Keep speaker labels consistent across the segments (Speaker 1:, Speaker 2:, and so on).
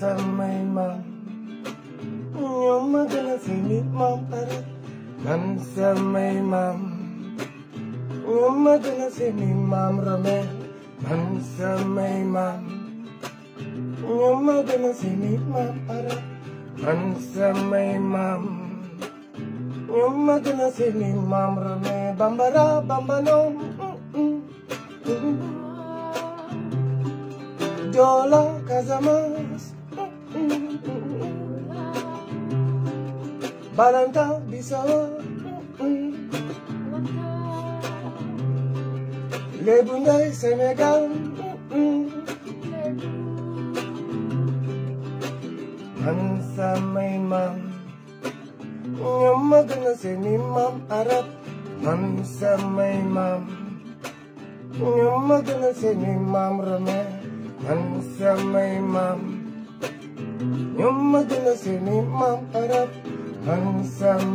Speaker 1: salmayin ma'am Yung magana sinip ma'am para Kan salmay ma'am Yung magana sinip ma'am rame Kan salmay ma'am Yung magana sinip ma'am para Kan salmay ma'am Yung magana sinip ma'am rame Bambara bambano Jola kazama Malang tak bisa Lebundai Senegal An sama imam Nyamaga na sinimam Arab An sama imam Nyamaga na sinimam Rame An sama imam Nyamaga na sinimam Arab Hey yo,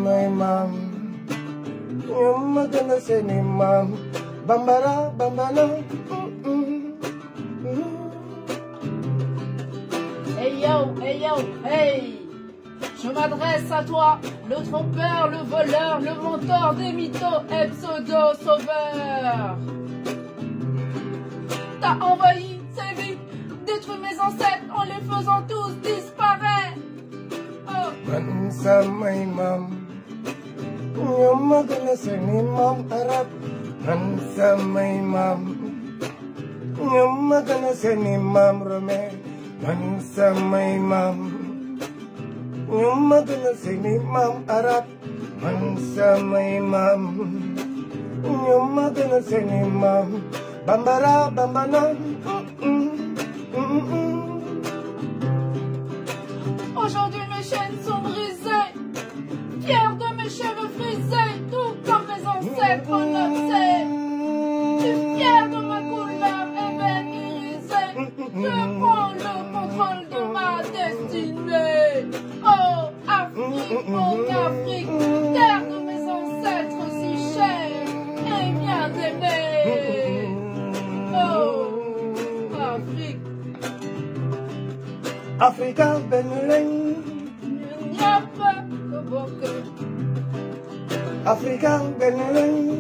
Speaker 1: hey yo, hey Je m'adresse à toi, le trompeur, le voleur, le menteur, des mythos, pseudo sauveur T'as envahi ces vies, détruit mes ancêtres en les faisant tous disparaître sa may ma'am Yung magalasan ni ma'am Arap Han sa may ma'am Yung magalasan ni ma'am Romel Han sa may ma'am Yung magalasan ni ma'am Arap Han sa may ma'am Yung magalasan ni ma'am Bambara, bambana Aujourd'hui, mes chaînes sont mon Afrique, terre de mes ancêtres si chers et bien aimés. Oh, Afrique. Africa, Benelux, Nous n'y a pas beaucoup. bokeh. Africa, Benelin.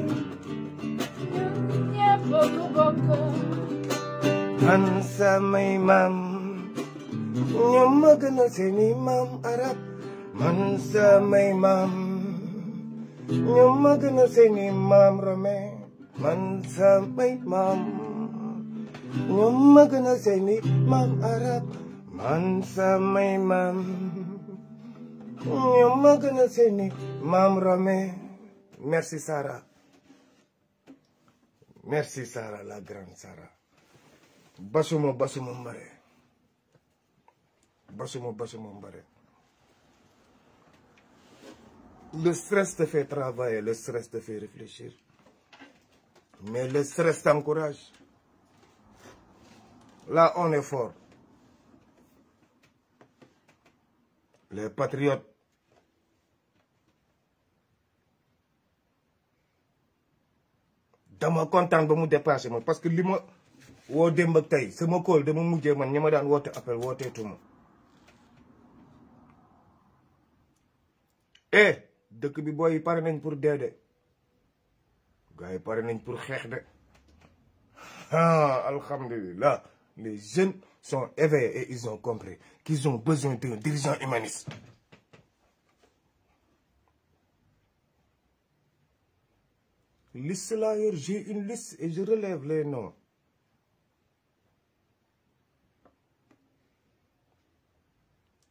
Speaker 1: Nous n'y pas de bokeh. Ansa, my mom. Nyamma gana seni mam Arab मन समय रमे मन समय मम न्यू मगन से निमाम अरब मन समय से निमाम रमे मेर्सी सारा मेर्सी सारा
Speaker 2: ला ग्रैंड सारा बसुमो बसुमो मरे बसुमो बसुमो मरे Le stress te fait travailler, le stress te fait réfléchir. Mais le stress t'encourage. Là, on est fort. Les patriotes. Je suis content de me moi parce que je me mon je ce me Je me dis je man ña ma me tout appel tout. eh bi pour de gars yi pour de ah les jeunes sont éveillés et ils ont compris qu'ils ont besoin d'un dirigeant humaniste. liste là, j'ai une liste et je relève les noms.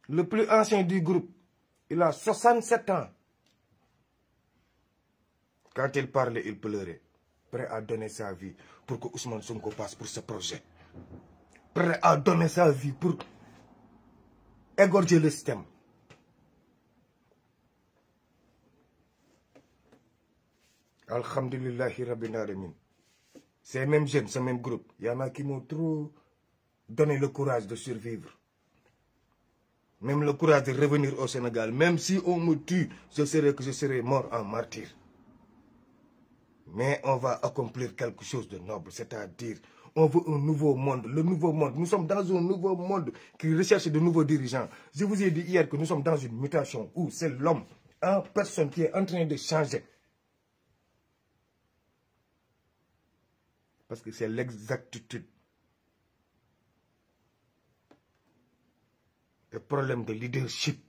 Speaker 2: le plus ancien du groupe il a 67 ans. Quand il parlait, il pleurait. Prêt à donner sa vie pour que Ousmane Sonko passe pour ce projet. Prêt à donner sa vie pour égorger le système. Alhamdulillahi Rabbi Ces mêmes jeunes, ce même groupe, il y en a qui m'ont trop donné le courage de survivre. Même le courage de revenir au Sénégal. Même si on me tue, je serai que je serai mort en martyr. Mais on va accomplir quelque chose de noble, c'est-à-dire on veut un nouveau monde, le nouveau monde. Nous sommes dans un nouveau monde qui recherche de nouveaux dirigeants. Je vous ai dit hier que nous sommes dans une mutation où c'est l'homme en personne qui est en train de changer. Parce que c'est l'exactitude. Le problème de leadership.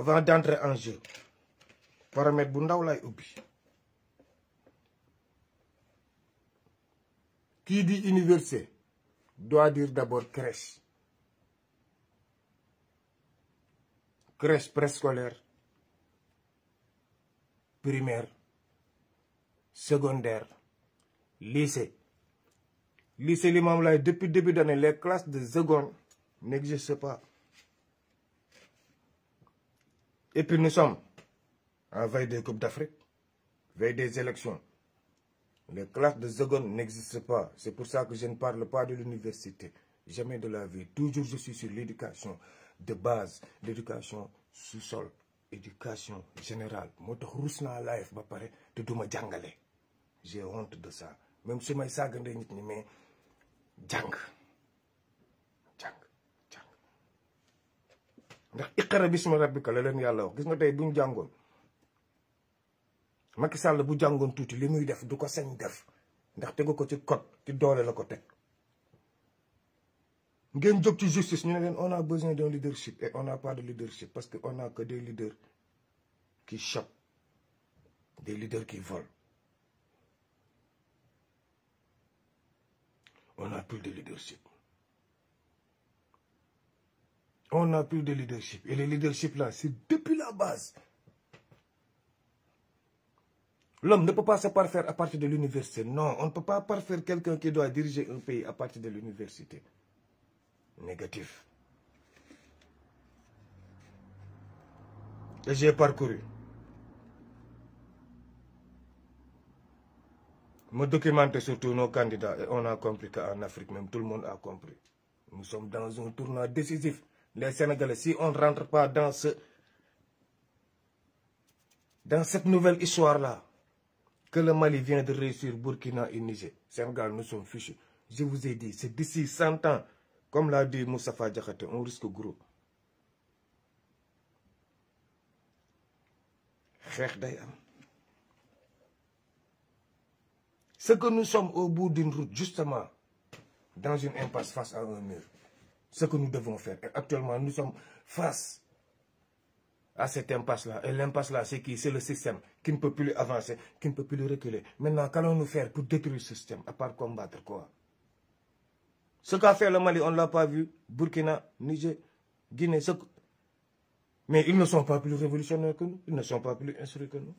Speaker 2: avant d'entrer en jeu paramètre bu ou lay qui dit université doit dire d'abord crèche crèche préscolaire primaire secondaire lycée lycée l'imam moom depuis début d'année les classes de seconde n'existent pas et puis nous sommes en veille des Coupes d'Afrique, veille des élections. Les classes de seconde n'existent pas. C'est pour ça que je ne parle pas de l'université. Jamais de la vie. Toujours je suis sur l'éducation de base, l'éducation sous-sol, éducation générale. J'ai honte de ça. Même si je suis mais ndax iqra bismi rabbika la leen yalla wax gis nga tay bu ñu Macky Sall bu jàngoon touti limuy def du ko sañ def ndax tegu ko ci code ci doole la ko tek ngeen jóg ci justice ñu ne leen on a besoin d'un leadership et on n'a pas de leadership parce que on a que des leaders qui chopent des leaders qui volent on a plus de leadership on n'a plus de leadership. Et le leadership, là, c'est depuis la base. L'homme ne peut pas se parfaire à partir de l'université. Non, on ne peut pas parfaire quelqu'un qui doit diriger un pays à partir de l'université. Négatif. Et j'ai parcouru. Me documenter surtout nos candidats. Et on a compris qu'en Afrique même, tout le monde a compris. Nous sommes dans un tournoi décisif les Sénégalais, si on ne rentre pas dans, ce, dans cette nouvelle histoire-là, que le Mali vient de réussir Burkina et Niger, Sénégal, nous sommes fichus. Je vous ai dit, c'est d'ici 100 ans, comme l'a dit Moussa Diakhaté, on risque gros. Ce que nous sommes au bout d'une route, justement, dans une impasse face à un mur ce que nous devons faire. actuellement, nous sommes face à cette impasse-là. Et l'impasse-là, c'est qui C'est le système qui ne peut plus avancer, qui ne peut plus reculer. Maintenant, qu'allons-nous faire pour détruire ce système, à part combattre quoi Ce qu'a fait le Mali, on ne l'a pas vu. Burkina, Niger, Guinée, Mais ils ne sont pas plus révolutionnaires que nous. Ils ne sont pas plus instruits que nous.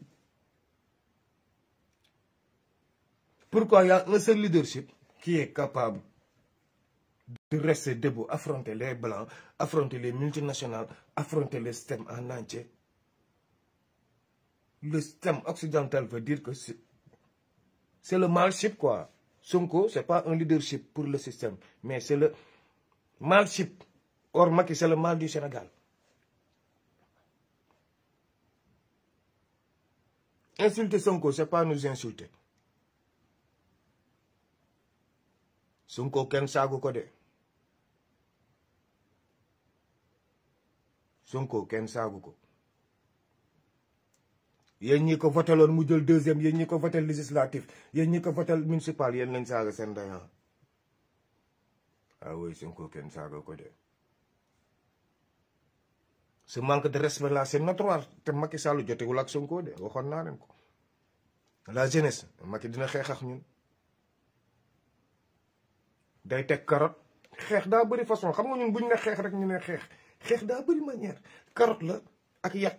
Speaker 2: Pourquoi il y a un seul leadership qui est capable rester debout, affronter les Blancs, affronter les multinationales, affronter le système en entier. Le système occidental veut dire que c'est le malship, quoi. Sonko, c'est pas un leadership pour le système, mais c'est le malship. Or, Maki, c'est le mal du Sénégal. Insulter Sonko, c'est pas nous insulter. Sonko, Ken Sago Sonko kenn saagu ko yéen ñi ko votaloon mu jël deuxième yéen ñi ko votal législatif yéen ñi ko votal municipal yéen lañ saaga seen dayan ah oui Sonko kenn saaga ko de ce manque de respect là c'est notoire te Macky Sall jotewul ak Sonko de waxoon naa leen ko la jeunesse Macky dina xeex ak ñun day teg carotte xeex daa bëri façon xam nga ñun buñ ne xeex rek ñu ne xeex xex da bari manière carotte la ak yak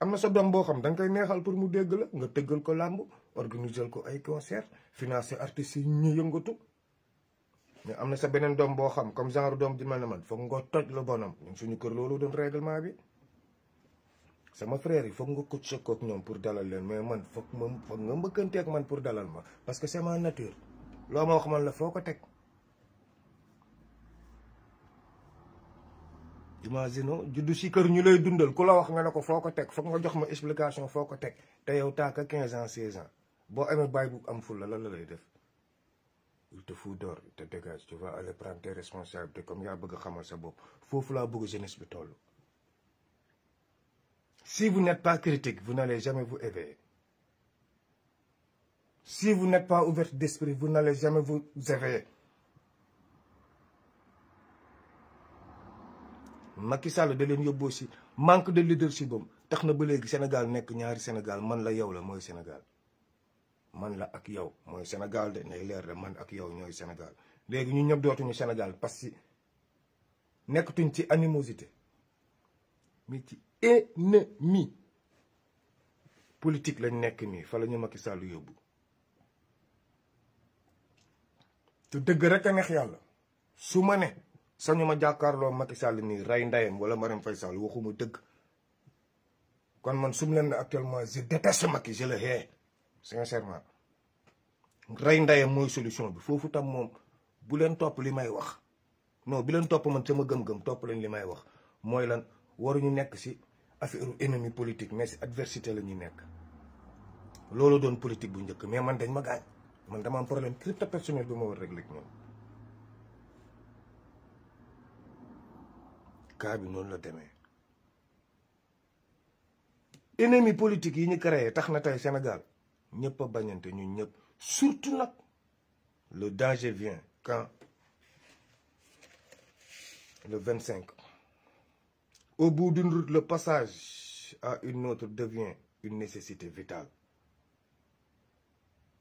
Speaker 2: amna sa dom bo xam dang koy neexal pour mu dégg la nga teggal ko lamb organiser ko ay concert financer artiste ñu yëngatu mais amna sa benen dom bo xam comme genre dom di mel man fokk nga toj la bonam ñu suñu kër lolu doon règlement bi sama frère yi fokk nga ko ak ñom pour dalal leen mais man fokk ma foog nga ak man pour dalal ma parce que c'est ma nature lo ma wax man la foko tek imagino juddu si kër ñu lay dundal ku la wax nga ne ko foo ko nga jox ma explication foko tek, te yow taaka 15 ans 16 ans bo amee bàyyi am fulla la la lay def il te fout d'or, te dégage tu vas aller prendre tes responsabilités comme y'a bëgg xamal sa bopp fofu la bëgg jeunesse bi si vous n'êtes pas critique vous n'allez jamais vous éveiller si vous n'êtes pas ouverte d'esprit vous n'allez jamais vous éveiller Macky Sall da leen yóbboo si manque de leadership am tax na ba léegi Sénégal nekk ñaari Sénégal man la yow la mooy Sénégal man la ak yow mooy Sénégal de nay leer de man ak yow ñooy Sénégal léegi ñu ñëpp dootuñu Sénégal parce que nekkatuñ ci animosité mais ci ennemi politique lañ nekk nii fa la ñu Macky Sall yóbbu su dëgg rek a neex yàlla su ma ne sañu kan ma jakarlo Macky Sall ni Ray Ndayem wala Marème Faye Sall waxuma deug kon man sum len actuellement je déteste Macky je le hais sincèrement Ray Ndayem moy solution bi fofu tam mom bu len top li may wax non bi len top man sama gëm-gëm top len li may wax moy lan waruñu nekk ci affaire ennemi politique mais adversité lañu nekk loolu doon politique bu ñëk mais man dañ ma man dama am problème crypto personnel bu ma régler ak Ennemis ennemi politique Sénégal surtout le danger vient quand le 25 au bout d'une route le passage à une autre devient une nécessité vitale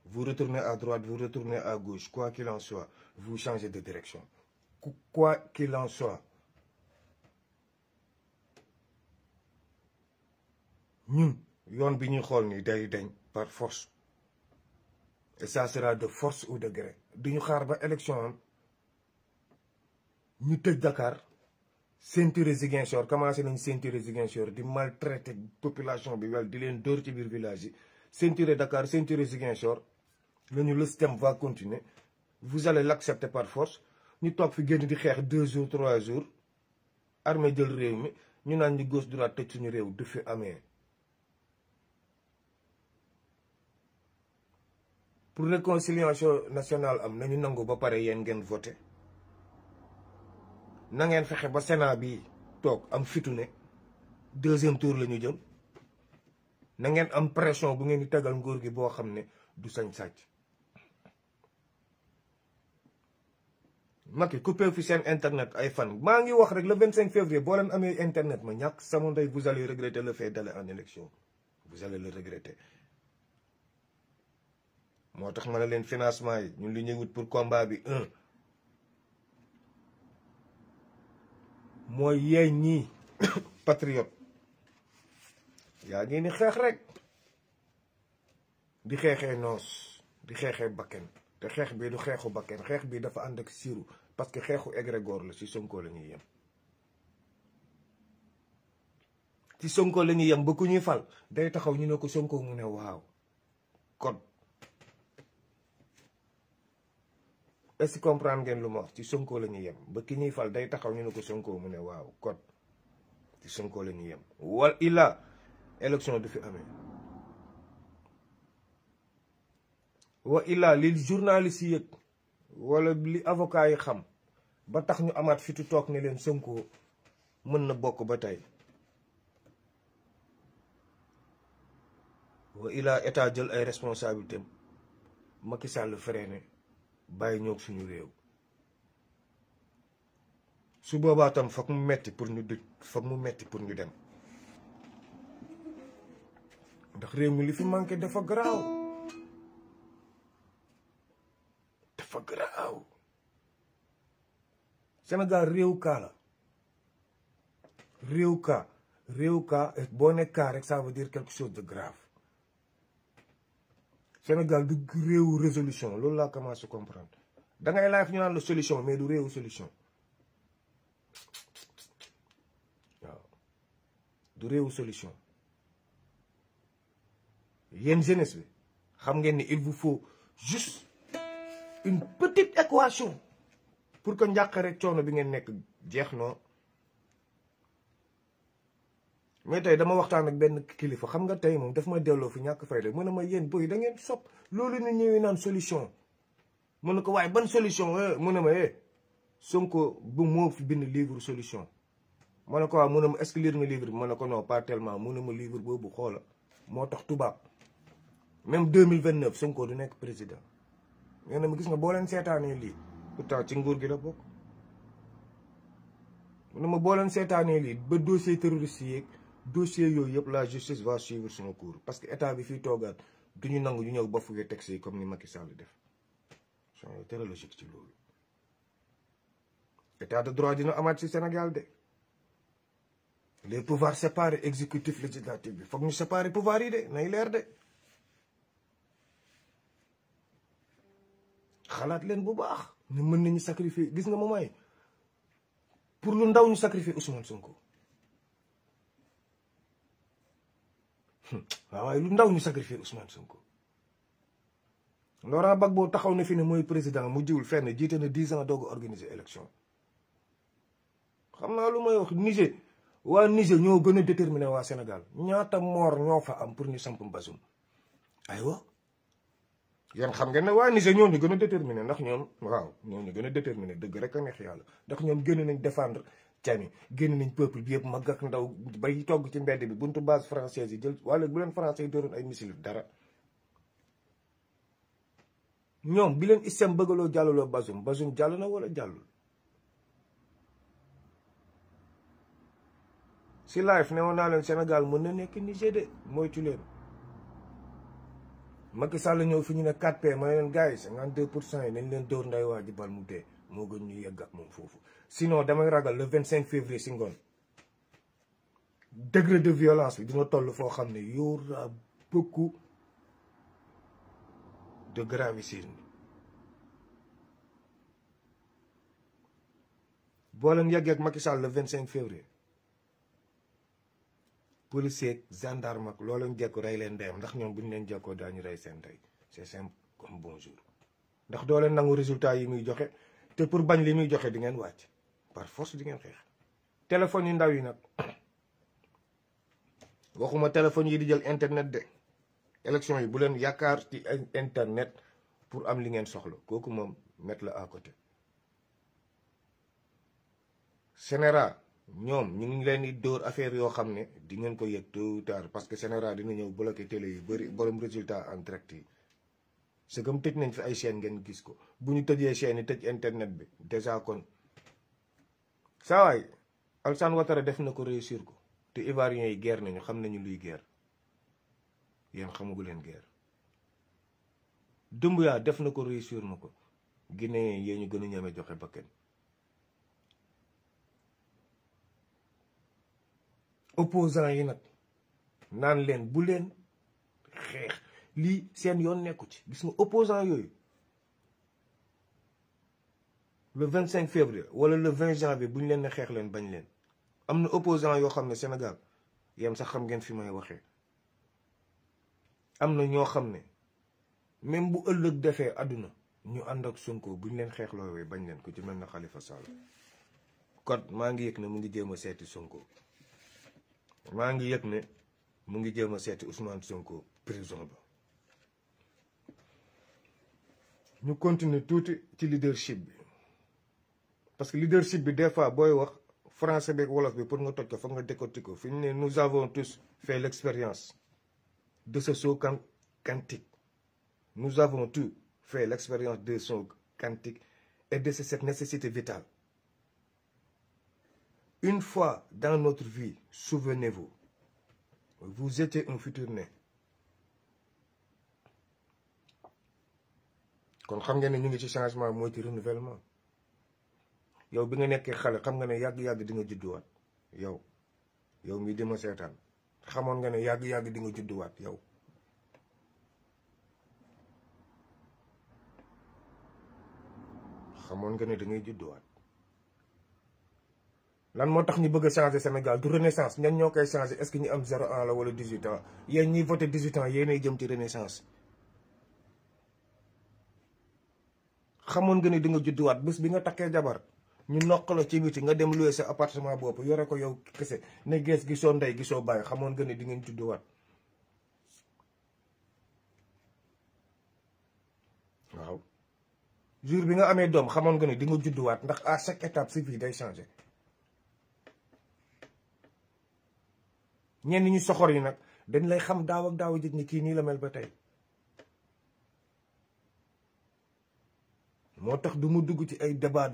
Speaker 2: vous retournez à droite vous retournez à gauche quoi qu'il en soit vous changez de direction quoi qu'il en soit Nous, nous bi ñuy ni par force et ça sera de force ou de gré duñu xaar ba élection ñu tej Dakar ceinture Ziguinchor commencé nañ ceinture Ziguinchor di maltraiter population bi wel di len de ci bir village ceinture Dakar ceinture le système va continuer vous allez l'accepter par force Nous sommes fi train di xex deux jours trois jours armée de réew mi ñu naan la gauche droite tëj ñu réew pour réconciliation nationale am nañu nangu ba pare yéen ngeen voté na ngeen fexe ba Sénat bi toog am fitu deuxième tour la ñu jëm na ngeen am pression bu ngeen di tegal nguur gi boo xam ne du sañ sàcc Macky coupé fi seen internet ay fan maa ngi wax rek le 25 février si leen avez internet ma ñàkk sama vous allez regretter le fait d'aller en élection vous allez le regretter moo tax ma ne leen financement yi ñun li ñuy wut pour combat bi un mooy yeey ñii patriote yaa ngi ni xeex rek di xeexee noos di xeexee bakken te xeex bii du xeexu bakken xeex bii dafa ànd ak siiru parce que xeexu égrégore la si Sonko la ñuy yem ci Sonko la ñuy yem ba ku ñuy fal day taxaw ñu ne ko Sonko mu ne waaw kon est ce ngeen lu ma ci Sonko la ñuy yem ba ki ñuy fal day taxaw ñu ne ko sënkoo mu ne waaw kon ci Sonko la ñuy yem wal illa élection du fi amee wa illa li journaliste yi yëg walla li avocat yi xam ba tax ñu amaat fitu toog ne leen Sonko mën na bokk ba tey wa illa état jël ay responsabilités sàll Sall freiné bàyyi ñoog suñu réew su boobaa tam foog mu metti pour ñu dëj foog mu metti pour ñu dem ndax réew mi li fi manqué dafa garaaw dafa garaaw Sénégal réew kaa la réew kaa boo nekk kaa rek ça veut dire quelque chose de grave Sénégal du ou résolution Lola comment à comprendre da ngay life, ñu naan la solution mais du ou solution waaw du solution yéen jeunesse bi xam ngeen il vous faut juste une petite équation pour que njàqare coono bi ngeen que jeex mais tey dama waxtaan ak benn kilifa xam nga tey moom daf ma delloo fi ñàkk fayda mu ne ma yéen boy da ngeen sopp loolu ñu ñëwee naan solution mu ne ko waaye ban solution eh, mu ne ma eh bu moo bind livre solution ma ne ko waaw mu ma est nga livre bi ma ne ko non pas tellement mu ne ma livre boobu xoola moo tax tubaab même 2029 Sonko du nekk président nee a ma gis nga boo leen seetaanee lii pourtant ci nguur gi la bokk mu ne ma boo leen seetaanee lii ba dossier terroriste yeeg dossier yoyep la justice va suivre son cours parce que état bi fi togat duñu ñu nangu ñu ñëw ba fukkee texte comme ni Macky Sall def c'est très logique ci lolu état de droit dina amat ci Sénégal de les pouvoirs séparés exécutif législatif bi foog ñu séparer pouvoir yi de nay leer de xalat len bu baax ni mën nañu sacrifier gis nga mo may pour lu ndaw ñu sacrifier Ousmane Sonko. Hmm. waaw waaye lu ndaw ñu sacrifier Ousmane Sonko. Laurent Gbagbo taxaw na fi ne mooy président mu jiwul fenn jiite na dix ans doog a organiser élection xam naa lu may wax Niger waa Niger ñoo gën a déterminé waa Sénégal ñaata moor ñoo am pour ñu samp Bazoum aywa. yéen xam ngeen ne waa Niger ñoo ñu gën a déterminé ndax ñoom waaw ñoo ñu gën a déterminé dëgg rek a neex yàlla ndax ñoom génn nañ défendre cam génn nañ peuple bi yëpp mag ak ndaw bay togg ci mbedd bi buntu baas française yi jël wala bu leen français yi dooroon ay missile dara ñoom bi leen ISEM bëggaloo jàllaloo Bazoum Bazoum jàll na wala jàllul si live ne woon naa leen Sénégal mën na nekk Niger de moytu leen Macky Sall ñëw fi ñu ne 4P ma ne leen gars yi 52 pour cent yi nañ leen dóor nday waa ji bal mu dee moo gën ñu yegg ak moom foofu sinon damay ragal le 25 février Singon... degré de violence bi dina toll foo y aura beaucoup de gravissime boo leen yeggee ak Macky le 25 février policiers et gendarme ak loo leen jekku rey leen ndeyam ndax ñoom bu ñu leen jekkoo daañu rey c'est simple comme bonjour ndax doo pas les résultat yi muy joxe te pour bañ li muy joxe di par force di ngeen xeex téléphone yu ndaw yi nag waxuma téléphone yi di jël internet de élection yi bu leen yaakaar ci internet pour am li ngeen soxla kooku moom mettre la à côté sénéra ñoom ñu ngi leen di dóor affaire yoo xam ne di ngeen ko yëg tôt ou tard parce que sénéra dina ñëw bloqué télé yi bëri borom résultat en yi c'est comme tëj nañ fi ay chaîne ngeen gis ko bu ñu tëjee chaîne yi tëj internet bi déjà kon saa waay Alassane Ouattara def na ko réussir ko te ivarion yi guerre nañu xam nañu luy guerre yéen xamagu leen guerre Doumbouya def na ko réussir na ko Guinéen yee ñu gën a ñeme joxe bakkan opposant yi nag naan leen bu leen xeex lii seen yoon nekku ci gis nga opposant yooyu le 25 février wala le 20 janvier bu ñu leen ne xeex leen bañ leen am na opposant yoo xam ne Sénégal yem sax xam ngeen fi may waxee am na ñoo xam ne même bu ëllëg dexee àdduna ñu ànd ak Sonko bu ñu leen xeexloowee bañ leen ku ci mel na xalifa Sall kon maa ngi yëg ne mu ngi jéem a seeti Sonko maa ngi yëg ne mu ngi jéem a seeti Ousmane Sonko prison ba ñu continuer tuuti ci leadership bi parce que le leadership des fois et français nous avons tous fait l'expérience de ce saut quantique nous avons tous fait l'expérience de ce saut quantique et de cette nécessité vitale une fois dans notre vie souvenez-vous vous étiez un futur né Quand xam changement renouvellement yow bi nga nekké xalé xam nga né yag yag di nga wat yow yow mi dima sétan xamone nga né yag yag di nga wat yow xamone nga ne da ngay wat lan motax ñi bëgg changer Sénégal du renaissance ñan ñokay changer est-ce ñi am 01 la wala 18 ans yeen ñi voter 18 ans yeen ay jëm ci renaissance xamone nga ni di nga wat bës bi nga takkee jabar ñu noqaloo ci biti nga dem loué sa appartement bopp yore ko yow kese ne gees gi gisoo ndey gisoo bàyyi xamoon nga ne di ngeen judduwaat waaw jour bi nga amee doom xamoon nga ne di nga judduwaat ndax à chaque étape sa vie day changé ñenn ñi soxor yi nag dañ lay xam daaw ak daaw jëg ni kii nii la mel ba tey moo tax dumu dugg ci ay débat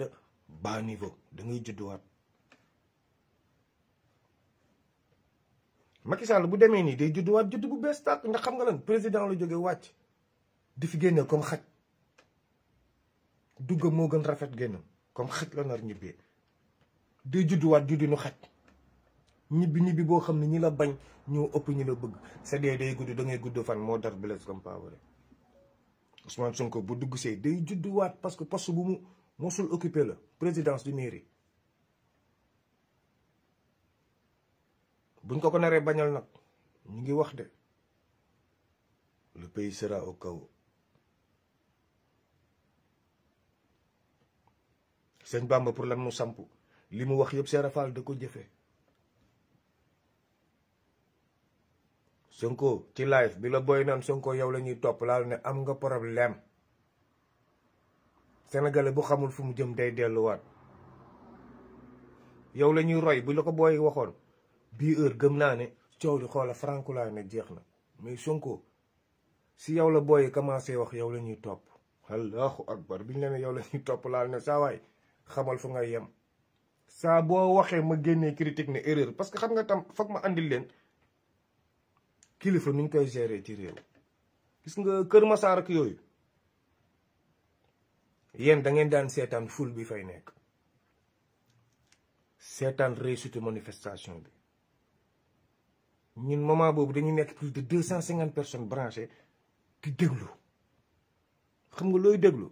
Speaker 2: bani niveau da ngay judduwaat Macky Sall bu démé ni day judduwaat judd bu bees tak ndax xam nga lan président la joggé wacc di fi génné comme xaj dugg mo gën rafet génn comme xaj la nar ñibé day judduwaat nu xaj ñibbi ñibbi bo xamni ñi la bañ ñoo ëpp ñi la bëgg sa dé day gudd da ngay gudd fan mo dar comme power Ousmane Sonko bu dugg sé day judduwaat parce que poste bu mu mosul occupé le présidence du mairie buñ ko ko néré bañal nak ñi ngi wax dé le pays sera au chaos sëñ bamba pour lan mu sampu limu wax wax yëpp seerafal da ko jëfé sonko ci live bi la boy nan sonko yow lañuy top laal né am nga problème sénégalais bu xamul fu mu jëm day delluwaat yow la ñuy roy bu la ko booy waxoon bii heure gëm naa ne coow li xoola Franco laa ne jeex na mais Sonko si yow la booy commencé wax yow la ñuy topp ak akbar biñ la ne yow la ñuy topp laal ne saa waay xamal fu nga yem saa boo waxee ma génnee critique ne erreur parce que xam nga tam foog ma andil leen kilifa nu ñu koy gérer ci réew gis nga Kër Masaar ak yooyu yen da ngeen daan seetaan ful bi fay nek seetaan réussite manifestation bi ñun moment bobu dañu nek plus de 250 personnes branchées di déglu xam nga loy déglu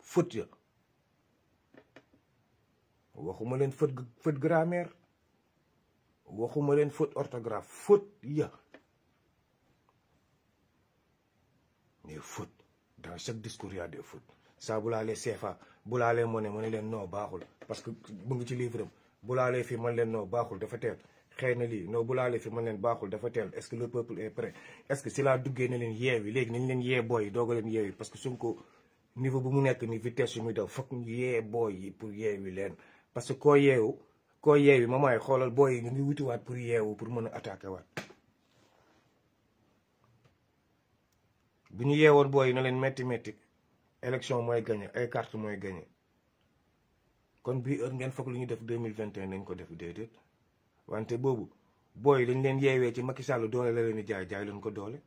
Speaker 2: foot ya waxuma len foot fët grammaire waxuma len fët orthographe fët ya mais fët dans chaque discours y a des fautes saa bu laalee CFA bu laalee monnaie ma ne leen noo baaxul parce que mu ngi ci livre am bu laalee fii man leen non baaxul dafa teel xëy na lii non bu laalee fii man leen baaxul dafa teel est que le peuple est prêt est-ce que si laa duggee na leen yeewi léegi nañ leen yee booy doog a leen yeewi parce que ko niveau bu mu nekk ni vitesse yu muy daw foog ñu yee booy yi pour yeewi leen parce que koo yeewu koo yeewi ay xoolal booy yi ñu ngi wutiwaat pour yeewu pour më a attaquer ñu yeewoon booy yi na leen métti métti élection moy gagné ay carte moy gagné kon bi heure ngeen fakk luñu def 2021 nañ ko def dedet wante bobu boy dañ leen yeewee ci Macky Sall doole la leen jaay jaay leen ko doole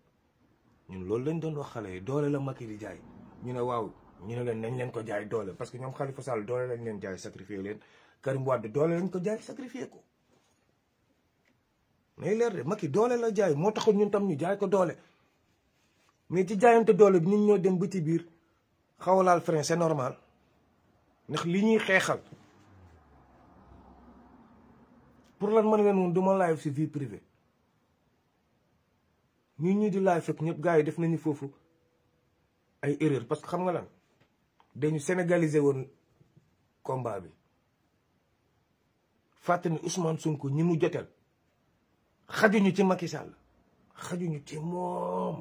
Speaker 2: ñun loolu lañ doon wax xale doole la Macky di jaay ñu ne waaw ñu ne leen nañ leen ko jaay doole parce que ñom Khalifa Sall doole lañ leen jaay sacrifier leen Karim Wade doole lañ ko jaay sacrifier ko mais leer de Macky doole la jaay mo taxul ñun tam ñu jaay ko doole mais ci jaayante doole bi nit ñoo dem ba ci biir. xaw a laal frein c'est normal ndax li ñuy xeexal pour lan mën leen woon du ma live si vie privée ñu ñi di live fekk ñëpp gars yi def nañu foofu ay erreur parce que xam nga lan dañu sénégaliser woon combat bi fàttali ne Ousmane Sonko ñi mu jotel xajuñu ci Macky Sall xajuñu ci moom.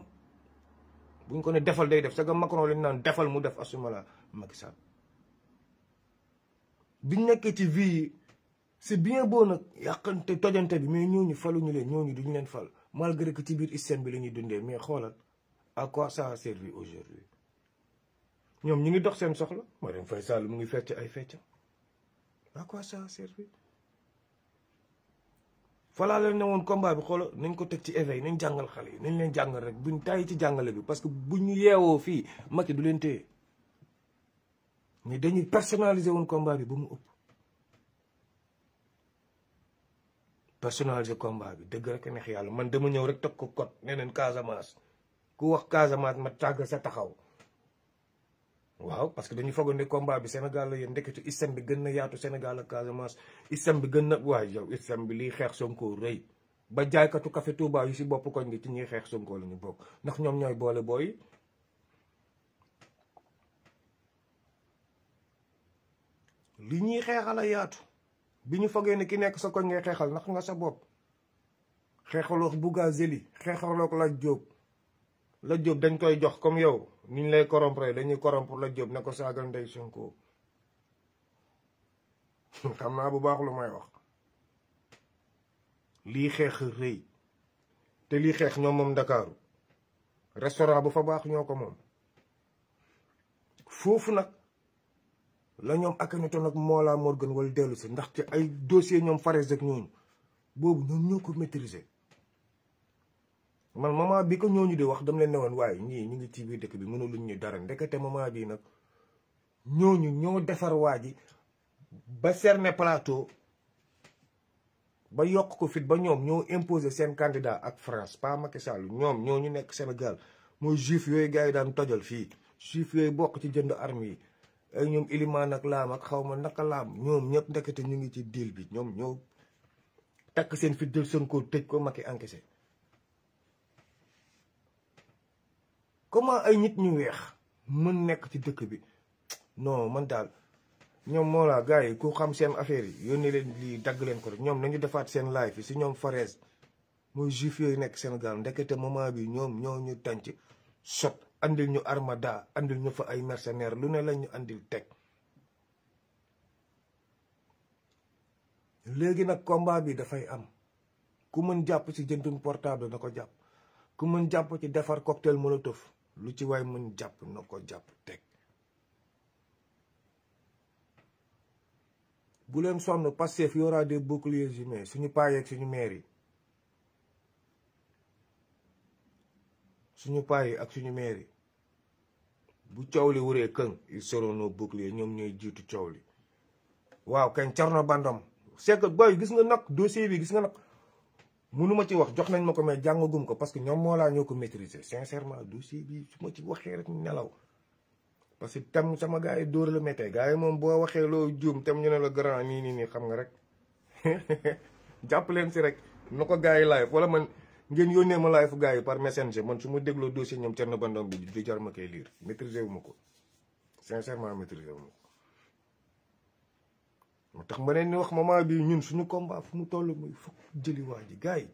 Speaker 2: buñ ko ne defal day def saga Macron li nane defal mu def asuma la Macky biñ nekkee ci vie c'est bien beau nag yàqante tojante bi mais ñooñu ñu le ñooñu duñu leen fal malgré que ci biir système bi la dundé mais xoolal à quoi ça a servi aujourd'hui ñom ñi ngi dox seen soxla Marième Faye Sall mu ngi fecc ay fecc à quoi ça a servi falaa leen ne woon combat bi xoolal nañ ko teg ci éveil nañ jàngal xale yi nañ leen jàngal rek buñ tàyyi ci jàngale bi parce que bu ñu yeewoo fii Macky du leen téye mais dañuy personnaliser woon combat bi ba mu ëpp personnaliser combat bi dëgg rek neex yàlla man dama ñëw rek teg ko code ne leen Casamance ku wax Casamance ma tàgg sa taxaw waaw parce que dañu foogoon ne combat bi Sénégal la yéen ndekete système bi gën na yaatu Sénégal ak Casamance système bi gën na waaye yow système bi liy xeex Sonko rëy ba jaaykatu café Touba yu si bopp koñ gi ci ñuy xeex Sonko la ñu bokk ndax ñoom ñooy boole booy. li ñuy xeexal a yaatu bi ñu foogee ne ki nekk sa koñ ngay xeexal ndax nga sa bopp xeexaloo Bouga Zéli xeexaloo Lat Diop la jóob dañ koy jox comme yow. ni ñu lay corrompre dañuy corrompre la Diop na ko saagal ndey Sonko xam naa bu baax lu may wax lii xeex rëy te lii xeex ñoom moom ndakaaru restaurant bu fa baax ñoo ko moom foofu nag la ñoom Akhenaton ak Mollah Morgun wala dellu si ndax te ay dossier ñoom Fares ak ñooñu boobu ñoom ñoo ko maîtriser man moment bi ko ñooñu di wax dam leen ne woon waaye ñii ñu ngi ci biir dëkk bi mënuluñ ñu dara ndekete moment bii nag ñooñu ñoo defar waa ji ba Cerné Plateau ba yokk ko fit ba ñoom ñoo imposer seen candidat ak France pas Macky ñoom ñoo ñu nekk Sénégal mooy juif yooyu gars yi daan tojal fii juif yooyu bokk ci jënd arme yi ay ñoom ilimaan ak laam ak xaw ma naka laam ñoom ñëpp ndekete ñu ngi ci deal bi ñoom ñoo takk seen fit jël seen ko tëj ko Macky encaissé comment ay nit ñu wéx mën nek ci dëkk bi non man dal ñom mo la gaay di ku xam seen affaire yi yoni leen li dag leen ko ñom defaat seen live yi si ñoom Fares mooy juif yooyu nekk Sénégal ndekete moment bi ñom ñoo ñu tanc sot andil ñu armada andil ñu fa ay mercenaire lu ne lañu andil tek léegi nak combat bi fay am ku mën japp ci jëndum portable da ko japp ku mën japp ci défar cocktail molotov lu ci waay mu jàpp na ko jàpp teg bu leen sonn Pastef y aura des boucliers humains suñu paa yeeg yi suñu paa yi ak suñu maire yi bu coow li wuree këng ils seront nos boucliers ñoom ñooy jiitu coow li waaw kañ Thierno Bandam c'est que boy gis nga nag dossier bi gis nga nag munuma ci wax jox nañ mako mais jangugum ko parce que ñom mo la ñoko maîtriser sincèrement dossier bi su ma ci waxe rek nelaw parce que tam sama gaay door dóor la méttee gars yi moom boo waxee loo tam ñu ne la grand ni ni ni xam nga rek japp leen ci rek na gaay live wala man ngeen yónnee ma live gars par messenger man su ma deglo dossier ñom terno Bandom bi di jar ma koy lire maîtriser wu mako sincèrement maîtriser wu mako moo tax ma leen ni wax moment bii ñun suñu combat fu mu toll muy fokk jëli waa ji gars yi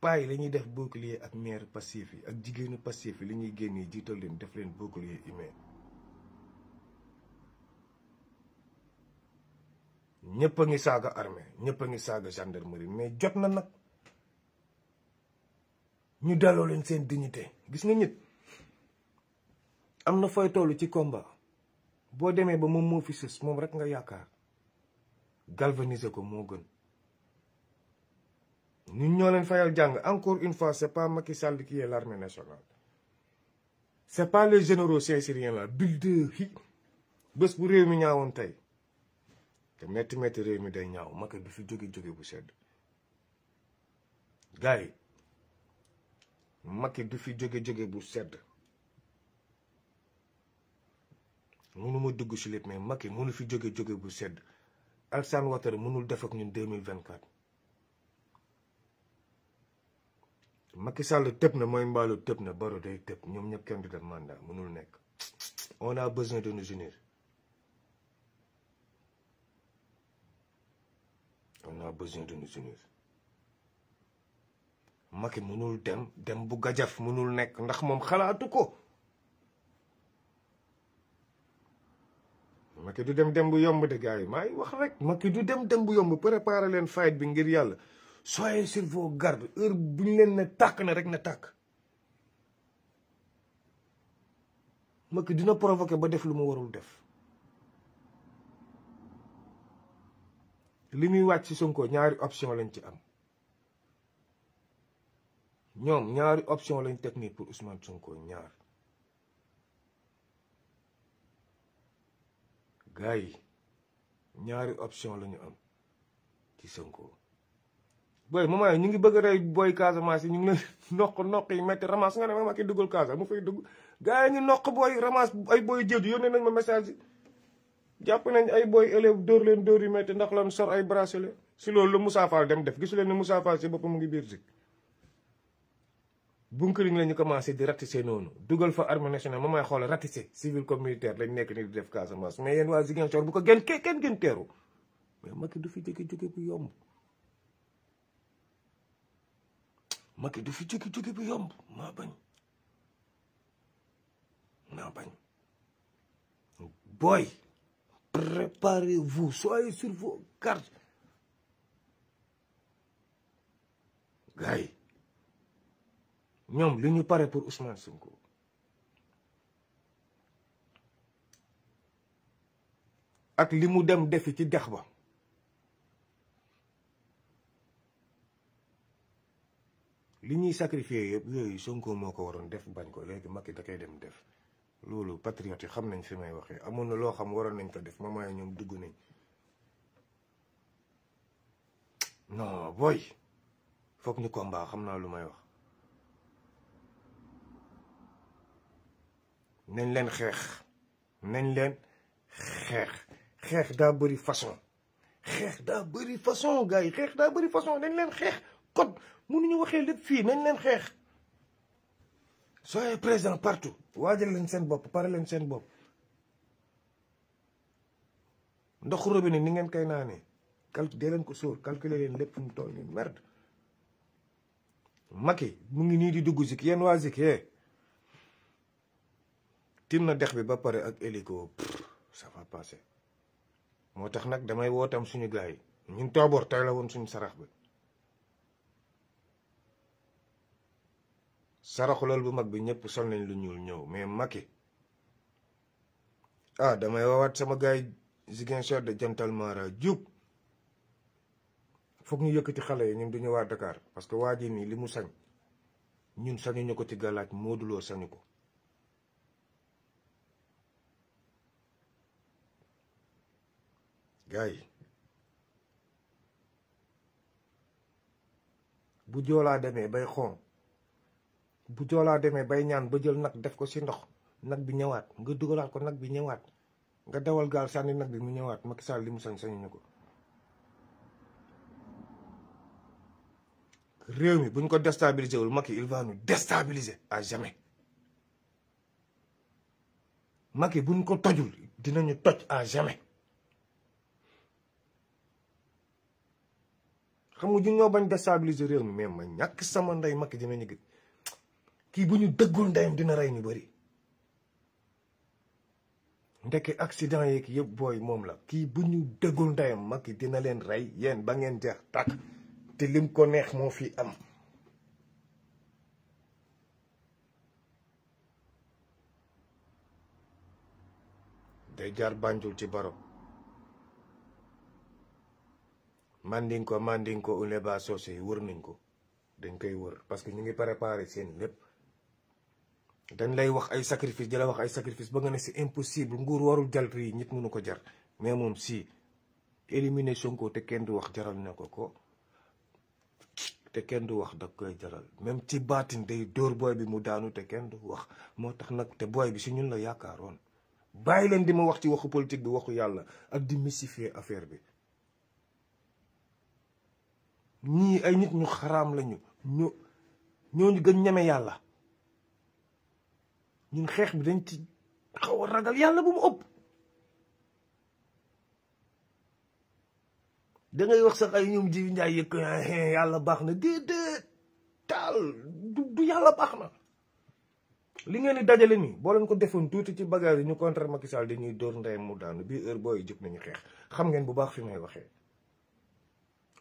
Speaker 2: paa yi la ñuy def bouclier ak maire passif yi ak jigéenu passif yi li ñuy génnee jiital leen def leen bouclier humain ñëpp a ngi saaga armée ñëpp a ngi saaga gendarmerie mais jot na nag ñu delloo leen seen dignité gis nga nit am na fooy toll ci combat boo demee ba moom moo fi sës moom rek nga yaakaar galvaniser ko moo gën ñun ñoo leen fayal jàng encore une fois c'est pas Macky Sall qui est l'armée nationale c'est pas les généraux saint-cyriens là bulde hi bés bu réew mi ñaawoon tey te metti metti réew mi day ñaaw Macky du fi jóge jóge bu sedd gars yi Macky du fi jóge jóge bu sedd mënuma dugg si lépp mais Macky mënu fi jóge jóge bu sedd Alassane Ouattara mënul def ñun deux mille vingt quatre Macky Sall tëb na mooy mbaalu tëb na Baro day tëb ñoom ñëpp kenn du def mandat mënul nekk on a besoin de nous unir on a besoin de nous mënul dem dem bu gajaf mënul nekk ndax moom xalaatu ko. Macky du dem dem bu yomb de gars yi maa wax rek Macky du dem dem bu yomb préparer leen fight bi ngir yàlla soyez sur vos gardes heure bu ñu leen ne tàkk na rek na tàkk Macky dina provoquer ba def lu mu warul def li muy wàcc ci Sonko ñaari option lañ ci am ñoom ñaari option lañ technique pour Ousmane Sonko ñaar gars yi ñaari option lañu am ci Sonko booy moment ñu ngi bëgg a rey booy Casamance yi ñu ngi leen noq noq yi metti ramas nga ne ma ki dugal Casa mu fay dugg gars yi ñu noq booy ramas ay booy jëju ne nañ ma message yi jàpp nañ ay booy élève dóor leen door yu metti ndax lan sor ay bracelet si loolu la Moussa Fall dem def gisu leen ne Moussa Fall si boppam mu ngi biir zik bunkering la ñu commencé di ratissé noonu dugal fa armée nationale moom é que ratissé civil communautaire lañ nekk nii di def Casamance mais yéen waa Ziguinchor bu ko gën ke kenn gën teeru mais Macky du fi jóge-jóge bu yomb Macky du fi jóge-jóge bu yomb maa bañ maa bañ boy préparez-vous soyez sur vos cartes gars ñoom lu ñu pare pour Ousmane Sonko ak li mu dem defi ci dex ba li ñuy sacrifier yëpp yooyu sunkoo moo ko waroon def bañ ko léegi Macky da koy dem def loolu patriote yi xam nañ fi may waxee amoon na loo xam waroon nañ ko def ma mooy ñoom dugg nañ non booy foog ñu combat xam naa lu may wax nañ leen xeex nañ leen xeex xeex daa bëri façon xeex daa bëri façon gars yi xeex daa bëri façon nañ leen xeex nu ñu waxee lépp fii nañ leen xeex soyez président partout waa jël leen seen bopp pare leen seen bopp ndox robinet ni ngeen kay naanee calcul dee leen ko sóor calculer leen lépp mu toll nii merde Macky mu ngi nii di dugg zik yéen waa zik yee tim na dex bi ba paré ak hélico ça va passer motax nak damay wotam suñu gars yi ñun tooboor tey la won suñu sarax bi sarax loolu bu mag bi ñepp sol nañ lu ñuul ñew mais maké ah damay wawat sama gars zigen Ziguinchor de gentleman ra Diop fokk ñu yëkëti xalé yi duñu wa Dakar parce que waji ni limu sañ ñun sañu ñuko ci galaaj sañu ko gay bu jola demee bay xom. bu me demee bay ñaan ba jël nak def ko ci ndox nak bi ñëwaat nga dugalaat ko nak bi ñëwaat nga dawal gal sànni nak bi mu ñëwaat Macky Sall limu mu sañ sañu ñu réew mi buñ ko déstabiliser wul Macky il va nous déstabiliser à jamais Macky buñ ko tojul dinañu toj à jamais xam nga ñun ñoo bañ déstabiliser réew mi mais ma ñàkk sama ndey Macky dinañu gis kii bu ñu dëggul ndeyam dina rey ñu bëri ndekki accident yeeg yëpp booy moom la kii bu ñu dëggul ndeyam Macky dina leen rey yéen ba ngeen jeex tàkk te lim ko neex moo fi am day jaar Banjul ci Baro ko mandinko mandinko uleba yi wër nañ ko dañ koy wër parce que ñu ngi préparé seen lépp dañ lay wax ay sacrifice di la wax ay sacrifice ba nga ne c'est impossible nguur warul jal yi nit mënu ko jar mais moom si éliminer te kenn du wax jaral na ko ko te kenn du wax da koy jaral même ci baatin day dóor booy bi mu daanu te kenn du wax moo tax nag te booy bi si ñun la yaakaaroon bàyyi leen di ma wax ci waxu politique bi waxu yàlla ak di mystifier affaire bi ñii ay nit ñu xaraam lañu ñu ñooñu gën ñeme yàlla ñun xeex bi dañ ci xaw a ragal yàlla bu mu ëpp dangay wax sax ay ñoom jiw njaay yëkk eh, yàlla baax na déedéet taal du yàlla baax na li ngeen di dajale nii boo leen ko defoon tuuti ci bagage yi ñu contre Macky Sall ñuy dóor ndey mu daanu bii heure booy jóg nañu xeex xam ngeen bu baax fi may waxee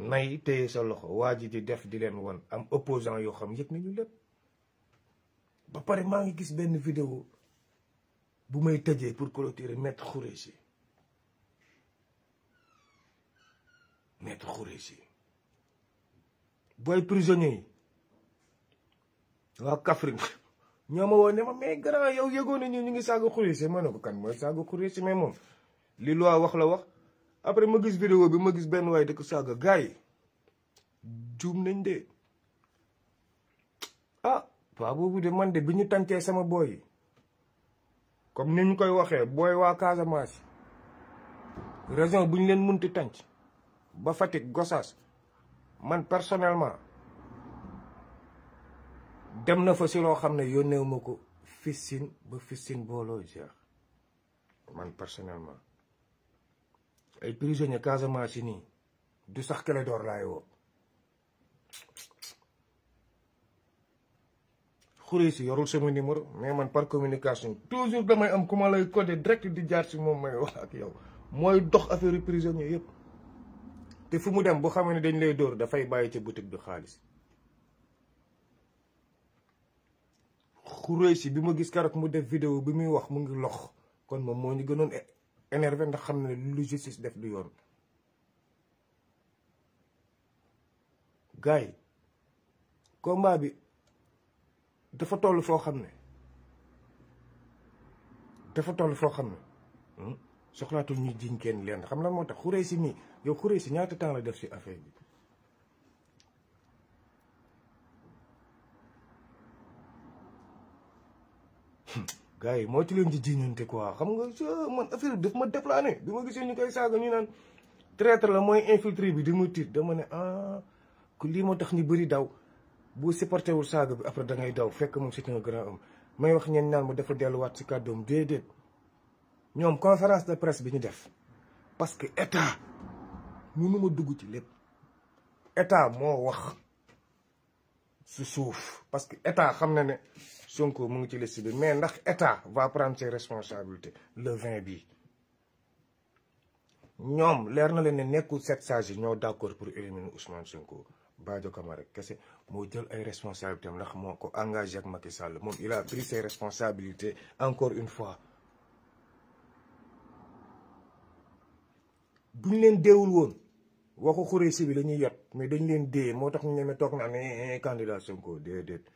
Speaker 2: nay téye sa loxo waa ji di def di leen won am opposant yoo xam yëg nañu lépp ba pare maa ngi gis benn vidéo bu may tëjee pour clôturer maître Khoureyssi maître Khoureyssi booy prisonnier yi waa Kaffrine ñoo ma woo ne ma mais grand yow yëgoon nañu ñu ngi saaga Khoureyssi ma ne ko kan mooy saaga Khoureyssi mais moom li loi wax la wax après ma gis vidéo ma gis benn waay dëkk saaga gars yi juum nañ de ah paa boobu de man de bi ñu tàncee sama booy yi comme ni ñu koy waxee booy waa Casamance région bu ñu leen munti tànc ba Fatick Gossas man personnellement dem na fa si loo xam ne yónneewu ko Fissine ba Fissine booloo jeex man personnellement ay prisonnier Casamance nii du sax Clédor laay woo xuree si yorul sama numéro mais man par communication toujours damay am kuma lay codé direct di jaar ci mom may wax ak yow moy dox affaire prisonnier yépp te fumu dem bu xamné dañ lay da fay bàyyi ci boutique du khalis xuree si bi gis keroog mu def vidéo bi muy wax mu ngi lox kon mom moo ñu eh, enerve ndax xam ne lu justice def du yoon gars yi combat bi dafa toll foo xam ne dafa toll foo xam ne hmm, soxlaatul ñu jiñ kenn leen xam lan moo tax xuree si mii yow xuree si ñaata temps la def si affaire bi hmm. gars yi ci leen di jiñante ko xam nga man affaire bi daf ma déplané bi ma gisee ñu koy saaga ñu naan traître la mooy infiltré bi di mu tiit dama ne ah ku lii moo tax ñu bëri daw boo supporté wul saaga bi après da ngay daw fekk moom c'est un grand homme may wax ñeen naan mu dafa delluwaat si kàddoom déedéet ñoom conférence de presse bi ñu def parce que état mënu ma dugg ci lépp état moo wax su suuf parce que état xam na ne Sonko mu ngi ci liste bi mais ndax état va prendre ses responsabilités le 20 bi ñom leer na leen ne nekkul sept sages ñoo d'accord pour éliminer Ousmane Sonko Badio Camara kese mo jël ay responsabilités ndax moko ko engagé ak Macky Sall mom il a pris ses responsabilités encore une fois buñ leen déwul woon waxu xuree si bi la ñuy mais dañ leen dee motax ñu ñeme tok na né eh, eh, candidat Sonko déedéet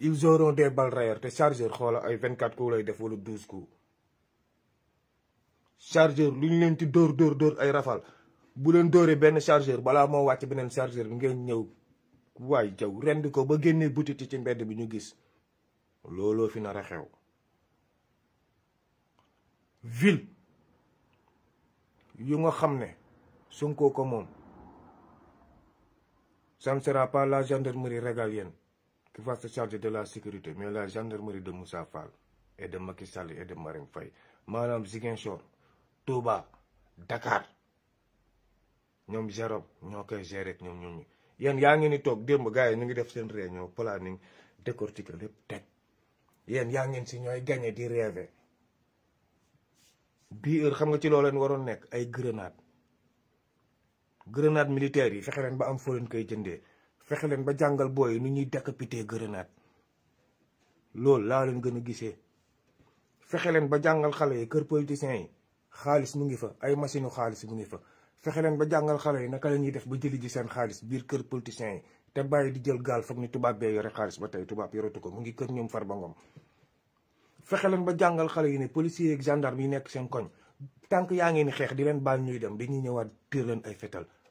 Speaker 2: ils auront des balles réelles te chargeur xoola ay vingt quatre coups lay def wala douze coups chargeur lu ñu leen ti dóor dóor dóor ay rafal bu leen dóoree benn chargeur balaa moo wàcc beneen chargeur bi ngeen ñëw waay jaw rend ko ba génnee butit ci mbedd bi ñu gis looloo fi nar a xew ville yu nga xam ne Sonko ko moom ça ne sera pas la gendarmerie yenn qui va se charger de la sécurité mais la gendarmerie de Moussa Fall et de Macky Sall et de Marème Faye maanaam Ziguinchor Touba Dakar ñoom Jérôme ñoo koy gérer ak ñoom ñooñu yéen yaa ngi ni toog démb gars yi ñu ngi def seen réunion planning décortiquer lépp teg yaa ngeen si ñooy gagné di rêver bii heure xam nga ci loo leen waroon nekk ay grenade grenade militaire yi fexe leen ba am foo leen koy jëndee. fexé len ba jangal boy nu ñuy décapiter grenade lool la leen gëna gissé fexé len ba jangal xalé kër politiciens yi xaaliss mu ngi fa ay machine xaaliss mu ngi fa fexé len ba jangal xalé yi naka la ñuy def ba jëli ji seen xaaliss biir kër politiciens yi té baye di jël gal fakk ni tubaab bee yore xaaliss ba tey tubaab yoratu ko mu ngi kër far ba Ngom fexé len ba jangal xalé yi policier ak gendarme yi nekk seen koñ tank yaangi ni xex di len baal ñuy dem ñi ñëwaat tir len ay fetal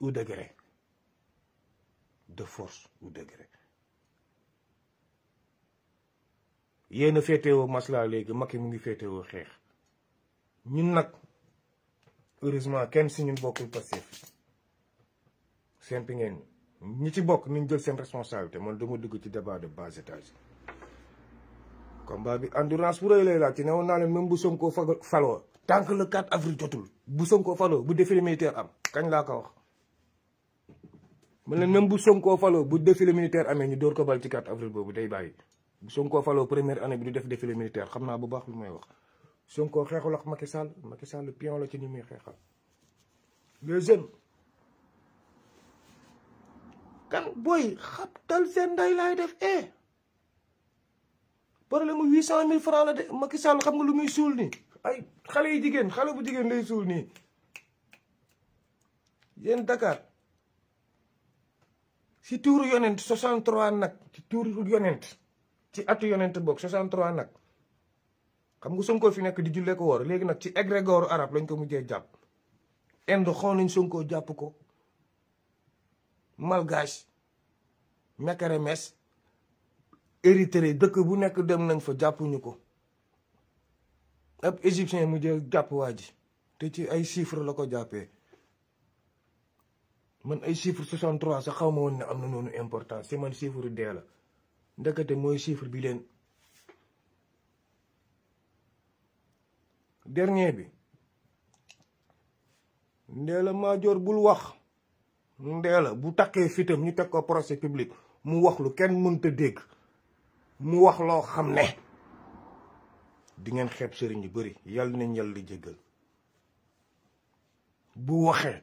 Speaker 2: ou de gré de force ou de gré yéen a féetewoo maslaa léegi Macky mu ngi féetewoo xeex ñun nag heureusement kenn si ñun bokkul Pastef simpi ngeen ñi ci bokk ñu jël seen responsabilité man dama dugg ci débat de bas étage combat bi endurance bu rëy lay laaj ci ne woon naa leen même bu Sonko faloo tant que le 4 avril jotul bu Sonko faloo bu défilé militaire am kañ laa ko wax mën leen même bu Sonko faloo bu défilé militaire amee ñu dóor ko bal ci 4 avril boobu day bàyyi bu Sonko faloo première année bi du def défilé militaire xam naa bu baax lu may wax Sonko xeexul ak Macky Sall Macky Sall pion la ci ñu muy xeexal les jeunes kan booy seen nday laay def eh problème mu huit cent mille francs xam nga lu muy suul nii ay xale yi jigéen xale bu jigéen lay suul nii yéen Dakar si tuuru yonent 63 nag ci tuuru yonent ci at yonent boog 63 nag xam nga Sonko fi nekk di jullee ko woor léegi nag ci égrégore arab lañ ko mujjee jàpp Inde xool nañ Sonko jàpp ko malgache Mekremes Érythrée dëkk bu nekk dem nañ fa jàppuñu ko ab égyptien mujjee jàpp waa ji te ci ay chiffres la ko jàppee man ay chiffre 63 sax xawma won woon ne am na importance te man chiffre de la ndekete moy chiffre bi len dernier bi ndela la maajoor bul wax ndela bu takkee fitam ñu teg ko procès public mu wax lu kenn mënta dégg mu wax lo xam di ngeen xeeb sëriñ yu bëri yàlla nañ yàlla di jéggal bu waxee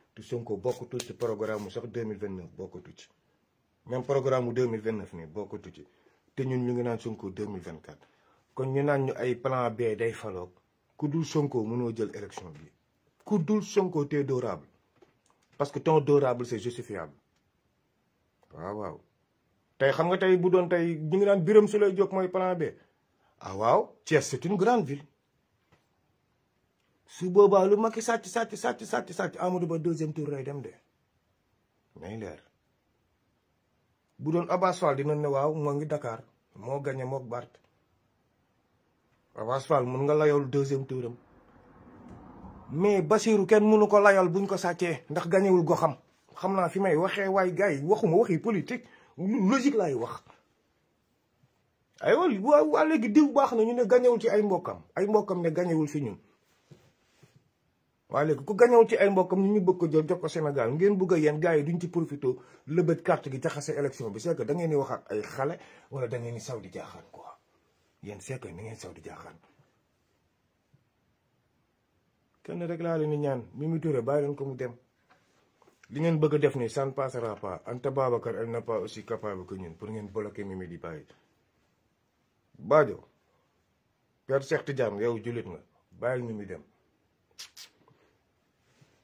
Speaker 2: Tu Sonko bokkutul ci programme 2029 beaucoup tout même programme 2029 te ñun ñu ngi Sonko 2024. kon ñu ñu ay plan B day Sonko jël élection bi Sonko parce que ton dorable c'est justifiable waaw waaw. xam nga bu plan B ah c'est une grande ville. su boobaa lu Macky sàcc sàcc sàcc sàcc sàcc Amadou Ba deuxième tour lay dem de nay leer bu doon Abass di dina ne waaw moo ngi dakaar moo gañe mook Bart Abass Fall mun nga layool deuxième touram mais Bassirou kenn mënu ko layool buñ ko sàccee ndax gañewul goxam xam naa fi may waxee waay gars yi waxuma waxi politique logique lay wax ay wa waa léegi diw baax na ñu ne gañewul ci ay mbokkam ay mbokkam ne gañewul fi ñun wale ko gagnaw ci ay mbokam ñu bëgg ko jël jox ko Sénégal ngeen bëgg yeen gaay yi duñ ci profité lëbët carte gi taxasse élection bi c'est que da ngeen ni wax ak ay xalé wala da ngeen ni saw di jaaxaan quoi yeen c'est que na ngeen saw di jaaxaan kenn rek laa leen ñaan mi mi Touré bay leen ko mu dem li ngeen bëgg def ni ça ne passera pas Anta Babacar elle n'est pas aussi capable que ñun pour ngeen bloquer mi mi di bay Badio Père Cheikh Tidiane yow julit nga bàyyil mi dem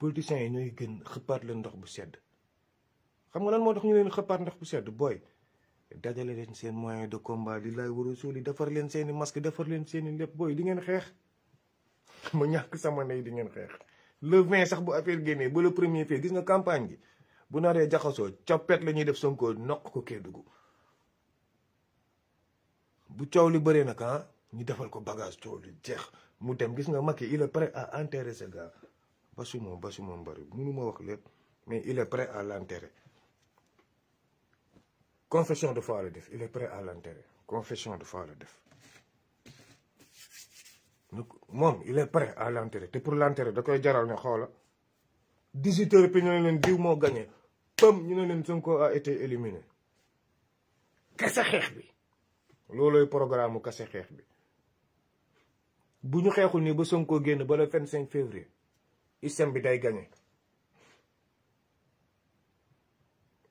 Speaker 2: politiciens yi ñoy gën xëppaat leen ndox bu sedd xam nga lan mo tax ñu leen xëppaat ndox bu sedd boy dajale leen seen moyen de combat li lay wuro a suuli defar leen seen masque defar leen seen lepp boy di ngeen xex ma ñàkk sama ndey di ngeen xex le 20 sax bu affaire génnee bu le premier fait gis nga campagne gi bu naree jaxasoo coppet la ñuy def Sonko nok ko Kédougou bu ciow li bëree nak ha ah, ñu defal ko bagage ciow li jeex mu dem gis nga maké il est prêt à enterrer ce gars mais il est prêt à l'enterrer confession de foi def il est prêt à l'enterrer confession de foi la def il est prêt à l'enterrer C'est pour l'enterrer da koy jaral ne 18 heures puis ñu ne 10 mois. mo gagné pam ñu ne Sonko a été éliminé C'est le bi programme kese xeex bi nous avons ba Sonko génn ba le 25 février Issem bi day gagné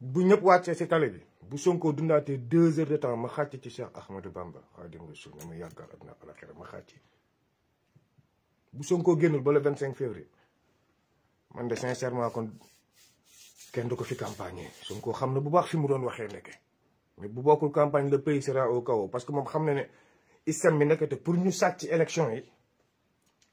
Speaker 2: bu ñep si talé bi bu deux heures de temps ma ci Cheikh Ahmadou Bamba ma ma xati bu Sonko le 25 février man de sincèrement kon kenn du fi campagne Sonko xamna bu baax fi mu doon campagne le pays sera au chaos parce que mom xamné né pour ñu élection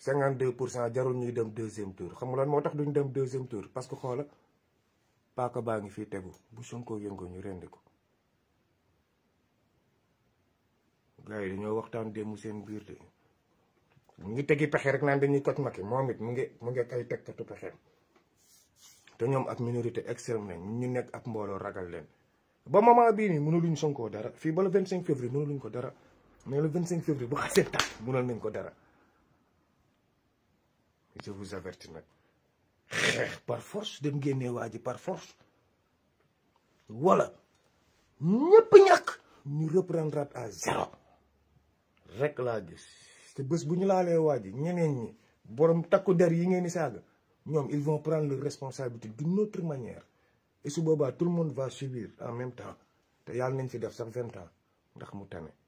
Speaker 2: 52 jarul ñuy dem deuxième tour xam nga lan motax duñ dem deuxième tour parce que xoola paaka baa ngi fii tegu bu Sonko yëngoo ñu rendi ko gaay dañu waxtaan demu seen biir de mu ngi teggi pexe rek naan dañuy koj Macky momit mu ngi mu ngi ay tegkatu pexeem te ñom ak minorité extrême lañ ñu nekk ab mbolo ragal leen ba moment ni mënu luñ Sonko dara fi ba le 25 février mënu luñ ko dara mais le 25 février bu xasse tàkk mënal nañ ko dara je vous avertis nag par force dem génne par force wala ñepp ñak ñu reprendre à zéro rek la gis te bëss buñu ñu laalee waa ji ñeneen ñi borom takku der yi ngeen di saaga ñoom ils vont prendre leur responsabilité d'une autre manière et su boobaa tout le monde va subir en même temps te yàlla nañ ci def sax 20 ans ndax mu tane